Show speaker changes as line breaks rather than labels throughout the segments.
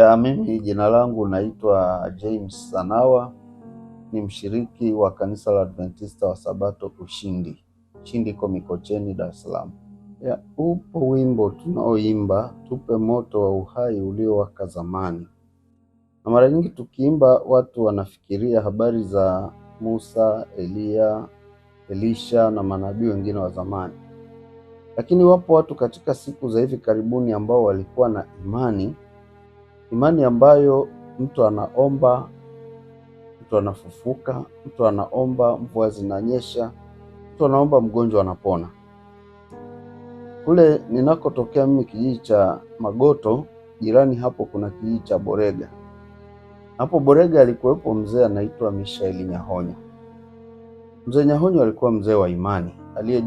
Ya, mimi jina langu naitwa James Sanawa, ni mshiriki wa kanisa la Adventista wa Sabato Ushindi, Ushindi ko Mikocheni, Dar es Salaam. Ya, upo wimbo tunaoimba tupe moto wa uhai uliowaka zamani, na mara nyingi tukiimba watu wanafikiria habari za Musa, Eliya, Elisha na manabii wengine wa zamani, lakini wapo watu katika siku za hivi karibuni ambao walikuwa na imani Imani ambayo mtu anaomba, mtu anafufuka, mtu anaomba mvua zinanyesha, mtu anaomba mgonjwa anapona. Kule ninakotokea mimi kijiji cha Magoto, jirani hapo kuna kijiji cha Borega. Hapo Borega alikuwepo mzee anaitwa Mishaeli Nyahonya. Mzee Nyahonya alikuwa mzee wa imani aliye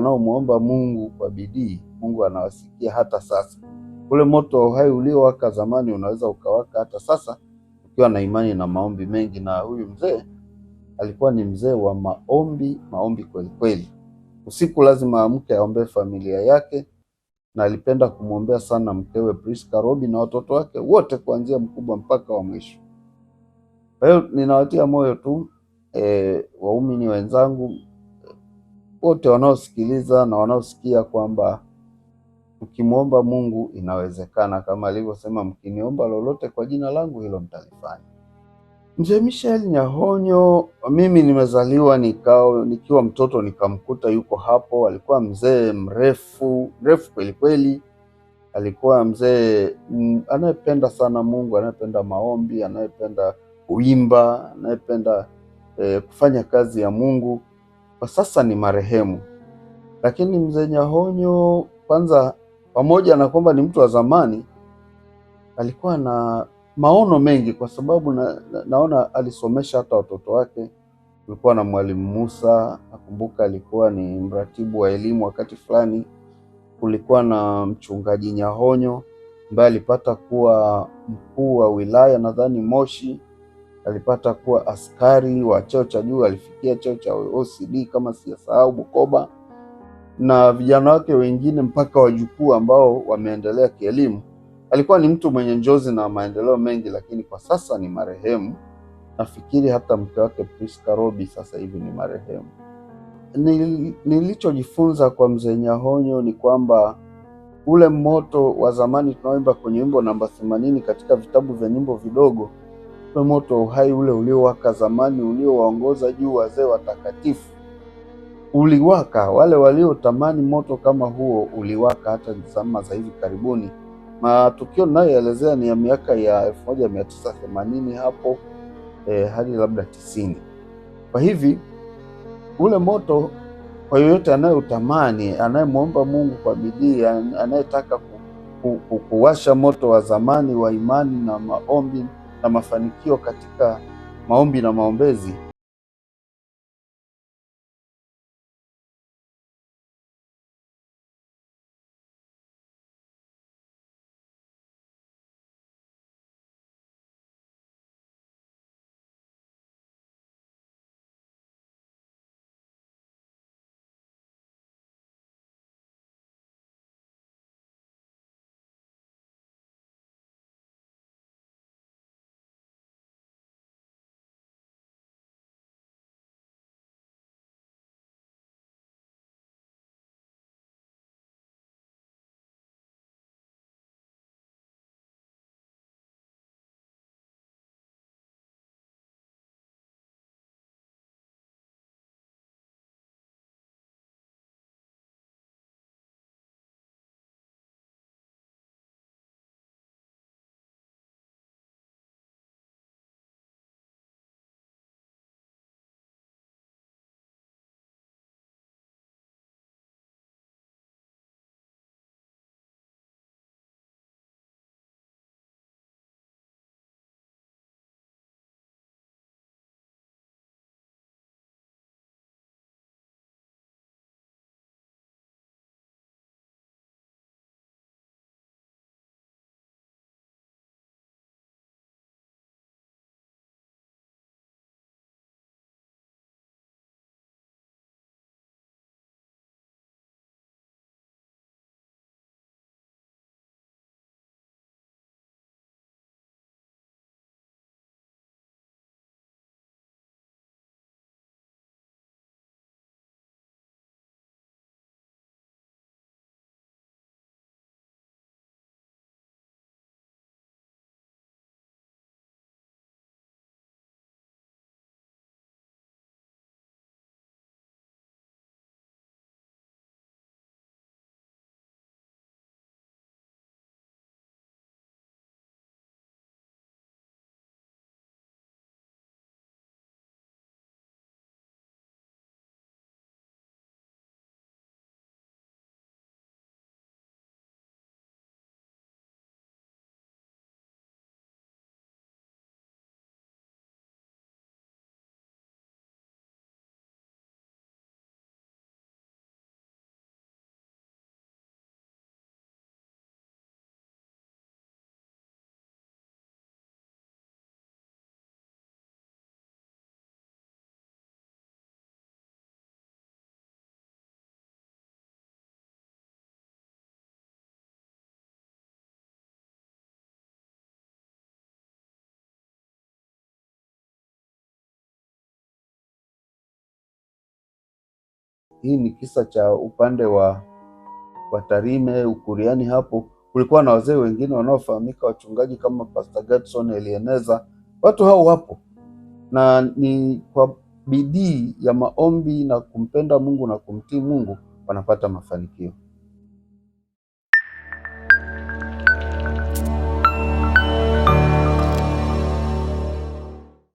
wanaomwomba Mungu kwa bidii, Mungu anawasikia hata sasa. Ule moto wa uhai uliowaka zamani unaweza ukawaka hata sasa ukiwa na imani na maombi mengi. Na huyu mzee alikuwa ni mzee wa maombi, maombi kweli kweli. Usiku lazima amke aombee familia yake, na alipenda kumwombea sana mkewe Priska Robi na watoto wake wote kuanzia mkubwa mpaka wa mwisho. Kwa hiyo ninawatia moyo tu e, waumini wenzangu wote wanaosikiliza na wanaosikia kwamba ukimwomba Mungu inawezekana, kama alivyosema, mkiniomba lolote kwa jina langu hilo mtalifanya. Mzee Michael Nyahonyo, mimi nimezaliwa nikao, nikiwa mtoto nikamkuta yuko hapo. Alikuwa mzee mrefu mrefu kweli kweli, alikuwa mzee mm, anayependa sana Mungu, anayependa maombi, anayependa kuimba, anayependa eh, kufanya kazi ya Mungu kwa sasa ni marehemu. Lakini mzee Nyahonyo kwanza, pamoja na kwamba ni mtu wa zamani, alikuwa na maono mengi, kwa sababu na, na, naona alisomesha hata watoto wake. Kulikuwa na mwalimu Musa, nakumbuka alikuwa ni mratibu wa elimu wakati fulani. Kulikuwa na mchungaji Nyahonyo ambaye alipata kuwa mkuu wa wilaya nadhani Moshi alipata kuwa askari wa cheo cha juu, alifikia cheo cha OCD kama sijasahau Bukoba, na vijana wake wengine mpaka wajukuu ambao wameendelea kielimu. Alikuwa ni mtu mwenye njozi na maendeleo mengi, lakini kwa sasa ni marehemu. Nafikiri hata mke wake Priska Robi sasa hivi ni marehemu. nilichojifunza kwa mzee Nyahonyo ni kwamba ule moto wa zamani tunaoimba kwenye wimbo namba themanini katika vitabu vya nyimbo vidogo Upe moto wa uhai ule uliowaka zamani, uliowaongoza juu wazee watakatifu. Uliwaka wale waliotamani moto kama huo, uliwaka hata zama za hivi karibuni. Matukio nayoelezea ni ya miaka ya 1980 hapo eh, hadi labda tisini. Kwa hivi ule moto kwa yoyote anayeutamani, anayemwomba Mungu kwa bidii, anayetaka ku, ku, ku, kuwasha moto wa zamani wa imani na maombi na mafanikio katika maombi na maombezi. Hii ni kisa cha upande wa, wa Tarime Ukuriani. Hapo kulikuwa na wazee wengine wanaofahamika wachungaji kama Pastor Gadson Elieneza. Watu hao wapo na ni kwa bidii ya maombi na kumpenda Mungu na kumtii Mungu wanapata mafanikio.